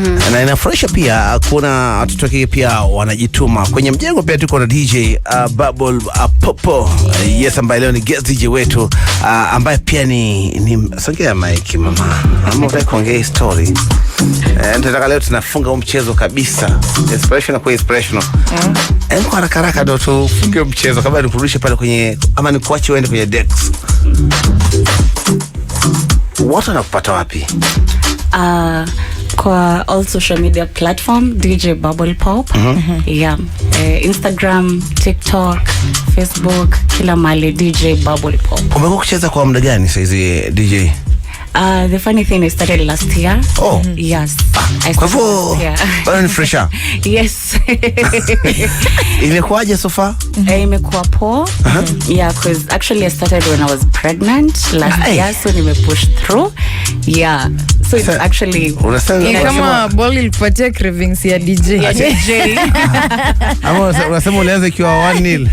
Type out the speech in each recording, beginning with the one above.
Mm. Na inafurahisha pia kuna watoto wa kike pia wanajituma. Kwenye mjengo pia tuko na DJ uh, Bubble uh, Popo uh, yes, ambaye leo ni guest DJ wetu uh, ambaye pia ni, ni songea mic mama, ama unataka kuongea story eh? Tunataka leo tunafunga huu mchezo kabisa, inspirational kwa inspirational mm. Eh, kwa haraka haraka ndo tufunge mchezo kabla nikurudishe pale kwenye, ama nikuache uende kwenye Dex. Watu wanakupata wapi? Ah uh kwa all social media platform DJ Bubble Pop. Mm -hmm. Yeah. Uh, Instagram, TikTok, Facebook, kila mali DJ Bubble Pop. Umekuwa kucheza kwa muda gani sasa hizi DJ? Uh, ah, the funny thing I started last year. Oh. Mm-hmm. Yes. Ah, I kwa hivyo bado ni fresh. Yes. Imekuwaje so far? Mm -hmm. imekuwa poa. Uh-huh. Yeah, cause actually I started when I was pregnant last Aye. year so nime push through. Yeah so it's actually ni kama cravings ya DJ DJ ama unasema ulianza ikiwa 1-0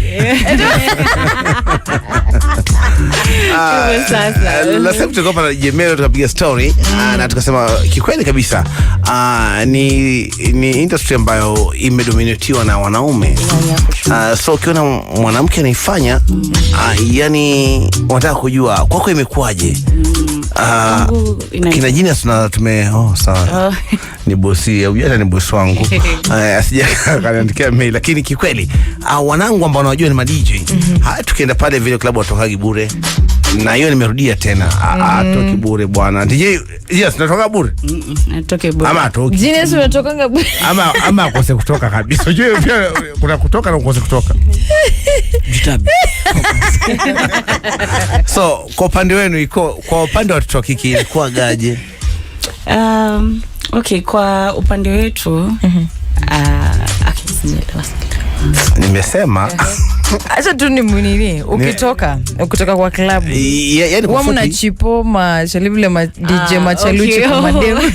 Lasema ah, tukapiga story ah, na tukasema kikweli kabisa uh, ni, ni industry ambayo imedominatiwa na wanaume uh, so ukiona mwanamke anaifanya uh, yani wanataka kujua kwako imekuwaje Ah, kina jina tuna tume oh, sawa oh. ni bosi au ni bosi wangu asija kaniandikia mei lakini kikweli uh, wanangu ambao wanajua ni ma mm -hmm. tukienda pale video club watokagi bure na hiyo nimerudia tena mhm. atoki bure bwana. DJ, yes, natoka bure. Natoke bure. Ama atoki. Jina sio natokanga bure. Ama ama akose kutoka kabisa. Unajua pia kuna kutoka na ukose kutoka. Jitabi. So, kwa upande wenu iko kwa upande wa watoto wa ilikuwa gaje? Um, okay, kwa upande wetu mm -hmm. uh, nimesema hacha tu ni nini, ukitoka ukitoka kwa klabu eh, yani wa mnachipo mashalivile ma DJ ah, machaluchi okay.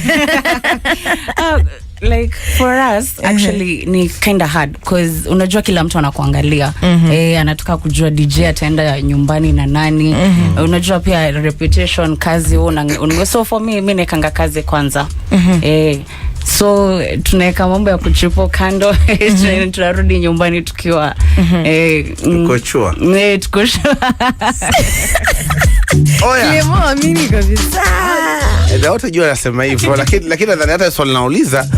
Ah, like for us eh. actually ni kinda hard cause unajua kila mtu anakuangalia mm -hmm. eh, anataka kujua DJ ataenda nyumbani na nani mm -hmm. unajua pia reputation kazi una, so for me mi nekanga kazi kwanza mm -hmm. eh, so tunaweka mambo ya kuchipo kando mm -hmm. tunarudi nyumbani tukiwa mhm. eh, mm -hmm. eh, kabisa watu eh, jua anasema hivyo, lakini lakini nadhani hata swali nauliza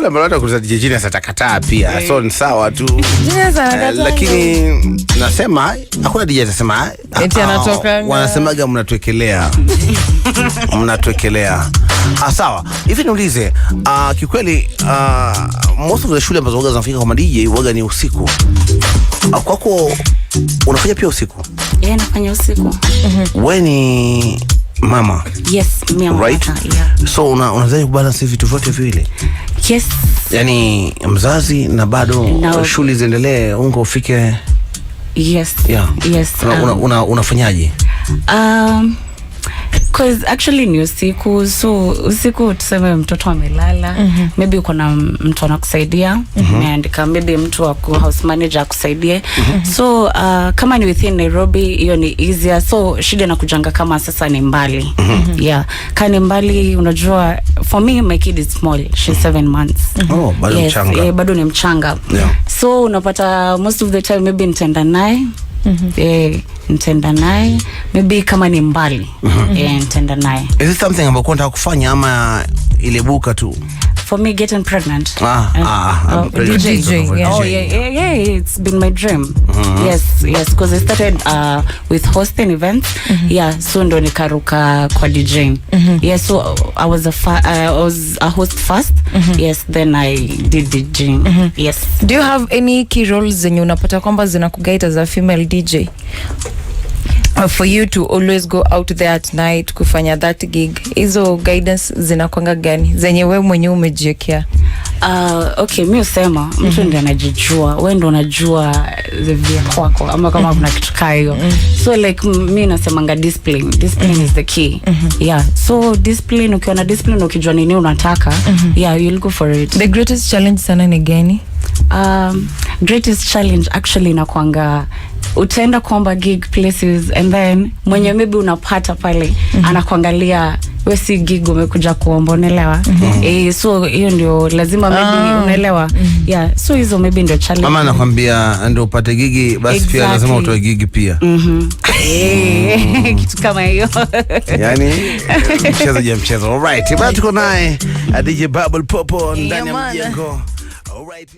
swali ambalo hata kuuliza DJ Genius atakataa pia, eh. so ni sawa tu, eh, lakini nasema hakuna DJ atasema ah, ah, eti anatoka. Wanasemaga mnatuekelea, mnatuekelea. Ah, sawa hivi, niulize ah, kikweli ah, most of the shule ambazo waga zinafika kama DJ waga ni usiku. Ah, kwako unafanya pia usiku? Yeah, nafanya usiku. mm -hmm. Wewe ni mama? Yes, mimi mama. Right? Yeah. So una, unazaje kubalance vitu vyote vile? Yes. yani mzazi na bado no. shughuli ziendelee unga ufike. Yes. Yeah. Yes. Unafanyaje? Um, una, una, una Cause actually ni usiku, so usiku tuseme mtoto amelala, mm -hmm. maybe uko na mtu anakusaidia mhm. umeandika, mm -hmm. maybe mtu waku house manager akusaidie, mm -hmm. so uh, kama ni within Nairobi hiyo ni easier, so shida na kujanga kama sasa ni mbali, mm -hmm. yeah, mhm. kani mbali, unajua for me my kid is small, she's mhm. seven months. mm -hmm. oh, bado yes, mchanga. Eh, ni mchanga yeah. so unapata most of the time maybe nitaenda naye mm -hmm. naye maybe kama ni mbali mm -hmm. e, eh, ntenda naye. Is it something ambayo nataka kufanya ama ilibuka tu? for me getting pregnant. Ah, uh, ah, oh, pregnant. DJ, DJ, yeah. Oh, yeah, yeah, yeah, it's been my dream. Mm -hmm. Yes, yes, because I started uh, with hosting events. Mm -hmm. Yeah, so ndo nikaruka kwa DJ. Mm -hmm. Yeah, so I was a fa I was a host first. Mm -hmm. Yes, then I did DJ. Mm -hmm. Yes. Do you have any key roles in zenye unapata kwamba zinakugaita za female DJ? Uh, for you to always go out there at night kufanya that gig, hizo guidance zinakwanga gani zenye we mwenyewe umejiwekea? Uh, okay, mi usema mtu mm -hmm. ndio anajijua, we ndo unajua vya kwako ama kama mhm. kuna kitu kaa hiyo mm -hmm. so like mi nasemanga discipline discipline mm -hmm. is the key mm -hmm. yeah so discipline, ukiwa na discipline, ukijua nini unataka mm -hmm. yeah you'll go for it. The greatest challenge sana ni gani? um, greatest challenge actually inakwanga utaenda kuomba gig places and then mwenye maybe unapata pale mm -hmm. anakuangalia we si gig umekuja kuomba, unaelewa mm -hmm. E, so hiyo ndio lazima maybe oh. unaelewa mm -hmm. yeah, so hizo maybe ndio challenge. Mama anakuambia ndio upate gigi basi exactly. pia lazima utoe gigi pia mhm. eh, mm -hmm. e, kitu kama hiyo yani mchezo je mchezo. Alright, bado tuko naye eh, DJ Bubble Popo ndani ya mjengo. Alright.